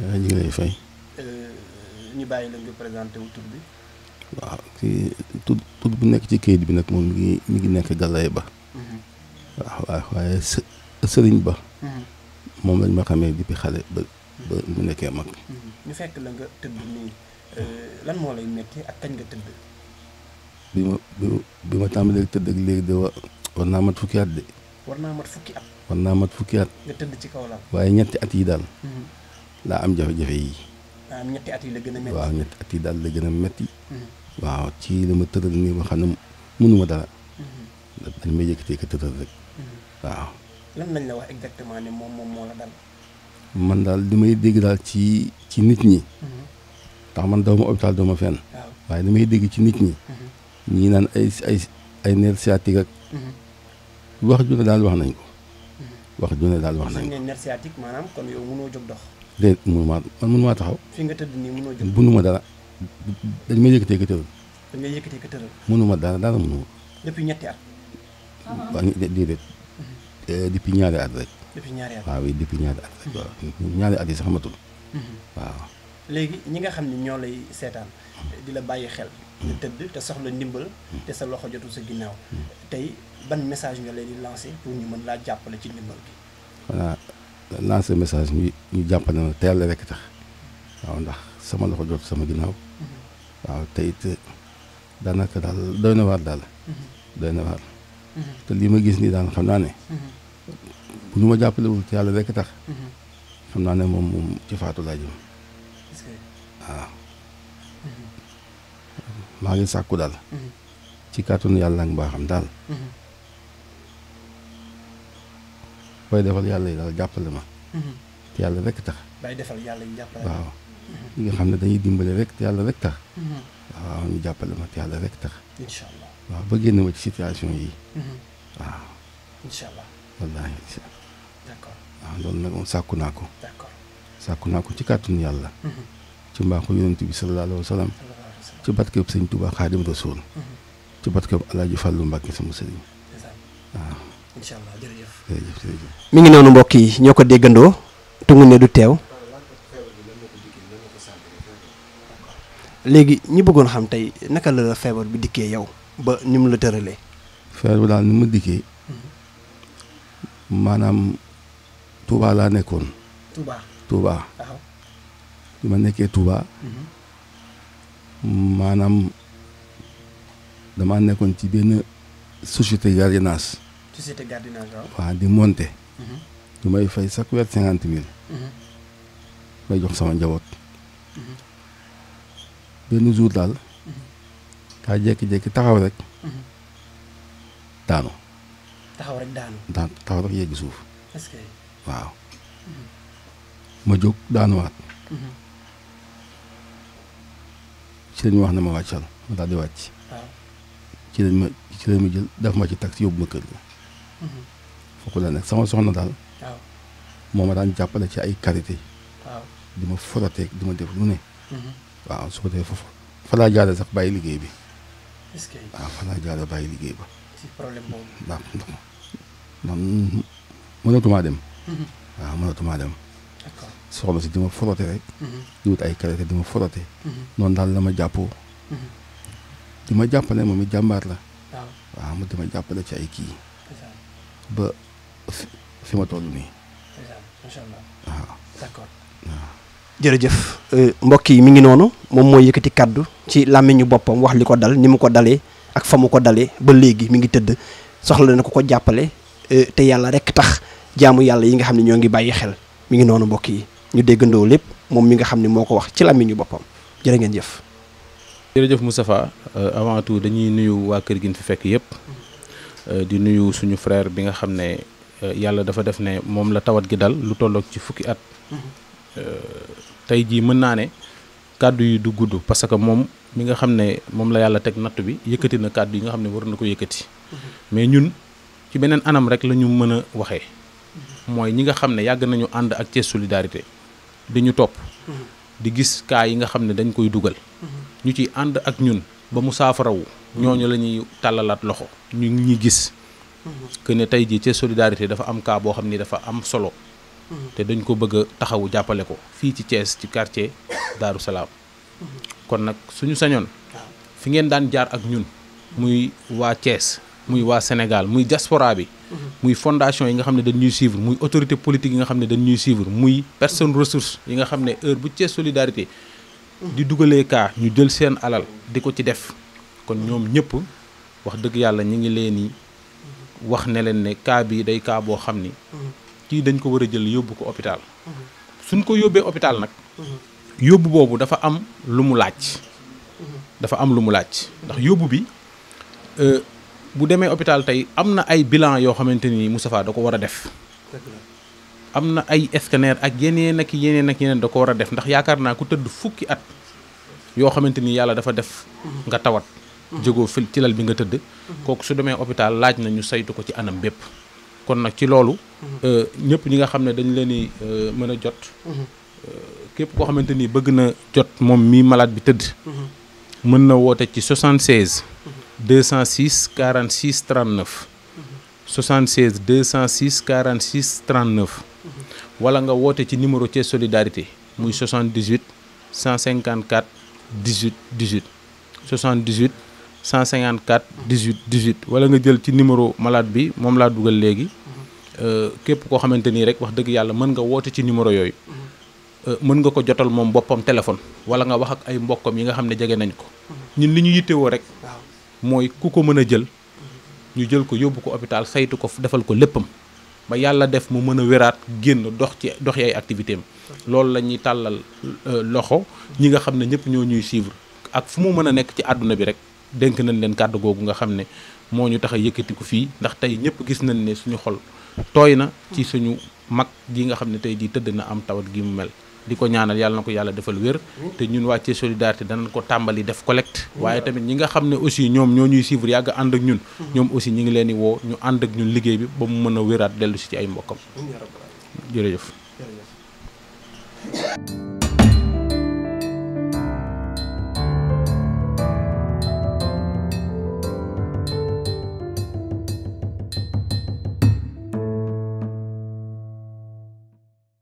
waaw ñu ngi lay fay. Euh, ñu bàyyi la nga présenté wu bi. waaw kii bu nekk ci kayit bi nag moom mi ngi mi ngi nekk Galaye Ba. Mhm. waaye sëriñ Ba. Mhm. moom lañ ma xamee depuis xale ba ba mhm. mu nekkee mag. ñu fekk la nga tëdd euh, lan moo lay metti ak kañ nga bi ma bi ma tëdd ak léegi de wa war naa mat fukki at war naa mat fukki at. war naa mat fukki at. ci kaw waaye ñetti at yi daal. laa am jafe-jafe yi. am at yi la gën a metti waaw ñetti at yi daal la gën a metti hmm. waaw ci li ma tëral nii ma xam ne mënuma dara. Hmm. dañ may yëkkatee ko tëral rek. Hmm. waaw. lañ la wax exactement ne moom moom moo man daal li may dégg daal ci ci nit ñi. ndax man dawma hôpital dawma fenn. waaye li may dégg ci nit ñi. ñii naan ay ay ay nerf ak. wax ju ne daal wax nañ ko. wax ne daal wax nañ ko. nerf sciatique maanaam de mënu man mënu taxaw. fi nga tëdd nii mënoo jëm. mënu ma dara dañ ma yëkkatee ka tëral. dañ ma dara dara mënu ma. ñetti at. waaw déedéet mhm. eh, ñaari at rek. depuis ñaari at waaw oui depuis ñaari at mhm. ñaari at yi sax matul. Mhm. waaw. léegi ñi nga xam ne ñoo lay seetaan di la bàyyi xel. di tëdd te soxla ndimbal. te sa loxo jotul sa ginnaaw. tey ban message nga leen di lancé pour ñu mën laa jàppale ci ndimbal bi. lancer message ñu ñu jàpp na teel rek tax waaw ndax sama loxo jot sama ginnaaw waaw te it daanaka daal doy na waar daal doy na waar te lii ma gis nii daal xam naa ne bu ñu ma jàppalewul ci yàlla rek tax xam naa ne moom moom ci faatu laa jëm maa ngi sàkku daal ci kàttanu yàlla ak mbaaxam daal booy defal yàlla yi daal jàppale ma. Mhm. te yàlla rek tax. bay defal yàlla yi jàppale waaw ñi nga xam ne dañuy dimbale rek te yàlla rek tax. Mhm. jàppale ma te yàlla rek tax. ba génn ma ci situation yi. Mhm. waaw. incha allah wallaahi incha allah. loolu nag moom sàkku naa ko. naa ko ci kàttanu yàlla. ci mbaaxu yonent bi sallallahu alayhi wa sallam. ci barkeb sëñ Xaadim Rasuul. ci barkeb El Hadj Fallou Mbacke sama incha allah jërëjëf ngi noonu mbokk yi ñoo ko déggandoo tungu ne du teew léegi ñi bëggoon xam tey naka la feebar bi dikkee yow ba ni mu la tëralee feebar bi daal ni mu dikkee maanaam Touba laa nekkoon Touba ma nekkee Touba mhm. maanaam damaa nekkoon ci benn société gardiennage société di monter. ñu mhm. may fay chaque weer cinquante mille. Mhm. may jox sama njaboot. Mhm. benn jour daal. daa jékki-jékki taxaw rek. daanu. taxaw rek daanu. daan suuf. est-ce que. waaw. ma jóg daanuwaat. ci lañ wax ne ma wàccal ma daal di wàcc. ci lañ ma ci lañ ma jël daf ma ci taxi yóbbu ma kër ga. Mm-hmm. foofu la nekk sama soxna daal. waaw moo ma daan jàppale ci ay qualité. waaw di ma forateeg di ma def lu ne. Mm-hmm. waaw su ko sax bàyyi liggéey bi. est-ce que waaw fa laa jaaree bàyyi liggéey ba. ci mm-hmm. di ma forote rek. di ma forote. noonu daal la ma jàppoo. di ma jàppale moom it jàmbaar la. waaw di ma jàppale ci ay kii. ba fi ma toll nii. macha allah waaw d'accord euh, mbokk yi mi ngi noonu moom mooy yëkkati kàddu ci làmmiñu boppam wax li ko dal ni mu ko dalee ak fa mu ko dalee ba léegi mi ngi tëdd soxla na ko ko jàppale euh, te yàlla rek tax jaamu yàlla yi nga xam ne ñoo ngi bàyyi xel mi ngi noonu mbokk yi ñu déggandoo lépp moom mi nga xam ne moo ko wax ci làmmiñu boppam jërë ngeen jëf. jërëjëf Moustapha euh, avant tout dañuy nuyu waa kër gi ñu fi fekk yëpp. Euh, di nuyu suñu frère bi nga xam ne euh, yàlla dafa def ne moom la tawat gi dal lu tolloog ci fukki at mm-hmm. euh, tey jii mën naa ne kàddu yi du gudd parce que moom mi nga xam ne moom la yàlla teg nattu bi yëkkati na kàddu yi nga xam ne war na ko yëkkati mm-hmm. mais ñun ci beneen anam rek la ñu mën a waxee mm-hmm. mooy ñi nga xam ne yàgg nañu ànd ak Thiès solidarité di ñu topp di gis kaa yi nga xam ne dañ koy dugal ñu ci ànd ak ñun ba mu saafarawu ñooñu la ñuy tàllalaat loxo ñu ngi ñuy gis que ne tey jii ci solidarité dafa am cas boo xam ni dafa am solo te dañ ko bëgg a taxawu jàppale ko fii ci Thiès ci quartier Daaru Salaam kon nag suñu sañoon fi ngeen daan jaar ak ñun muy waa Thiès muy waa Sénégal muy diaspora bi muy fondation yi nga xam ne dañ ñuy suivre muy autorité politique yi nga xam ne dañ ñuy muy personne ressource yi nga xam ne heure bu Thiès solidarité di dugalee cas ñu jël seen alal di ko ci def kon ñoom ñëpp wax dëgg yàlla ñu ngi leen i wax ne leen ne cas bii day cas boo xam ni kii dañ ko war a jël yóbbu ko hôpital suñ ko yóbbee hôpital nag yóbbu boobu dafa am lu mu laaj dafa am lu mu laaj ndax yóbbu bi euh, bu demee hôpital tey am na ay bilan yoo xamante ni Moustapha da ko war a def am na ay scanner ak yeneen ak yeneen ak yeneen da ko war a def ndax yaakaar naa ku tëdd fukki at yoo xamante ni yàlla dafa def nga tawat jógoo fil ci lal bi nga tëdd kooku su demee hôpital laaj na ñu saytu ko ci anam bépp kon nag ci loolu euh, ñëpp ñi nga xam ne dañ leen di euh, mën a jot euh, képp koo xamante ni bëgg na jot moom mi malade bi tëdd mën na woote ci 76 206 46 39 76 206 46 39 wala nga woote ci numéro Thiès Solidarité muy 78 154 18 18 78 cent 154 18 18 wala nga jël ci numéro malade bi moom laa dugal léegi euh, képp koo xamante nii rek wax dëgg yàlla mën nga woote ci numéro yooyu euh, mën nga ko jotal moom boppam téléphone wala nga wax ak ay mbokkam yi nga xam ne jege nañ ko ñun li ñu yittewoo rek mooy ku ko mën a jël ñu jël ko yóbbu ko hôpital saytu ko defal ko léppam ba yàlla def mu mën a wéraat génn dox ci dox ay activité am loolu la ñuy tàllal euh, loxo ñi nga xam ne ñëpp ñoo ñuy suivre ak fu mu mën a nekk ci àdduna bi rek dénk nañ leen kàddu googu nga xam ne moo ñu tax a yëkkati ko fii ndax tey ñëpp gis nañ ne suñu xol tooy na ci suñu mag ji nga xam ne tey jii tëdd na am tawat gi mu mel di ko ñaanal yàlla na ko yàlla defal wér te ñun wàccee solidarité danañ ko tàmbali def collecte waaye tamit ñi nga xam ne aussi ñoom ñoo ñuy suivre yàgg ànd ak ñun ñoom aussi ñi ngi leen di woo ñu ànd ak ñun liggéey bi ba mu mën a wéraat dellu si ci ay mbokkam jërëjëf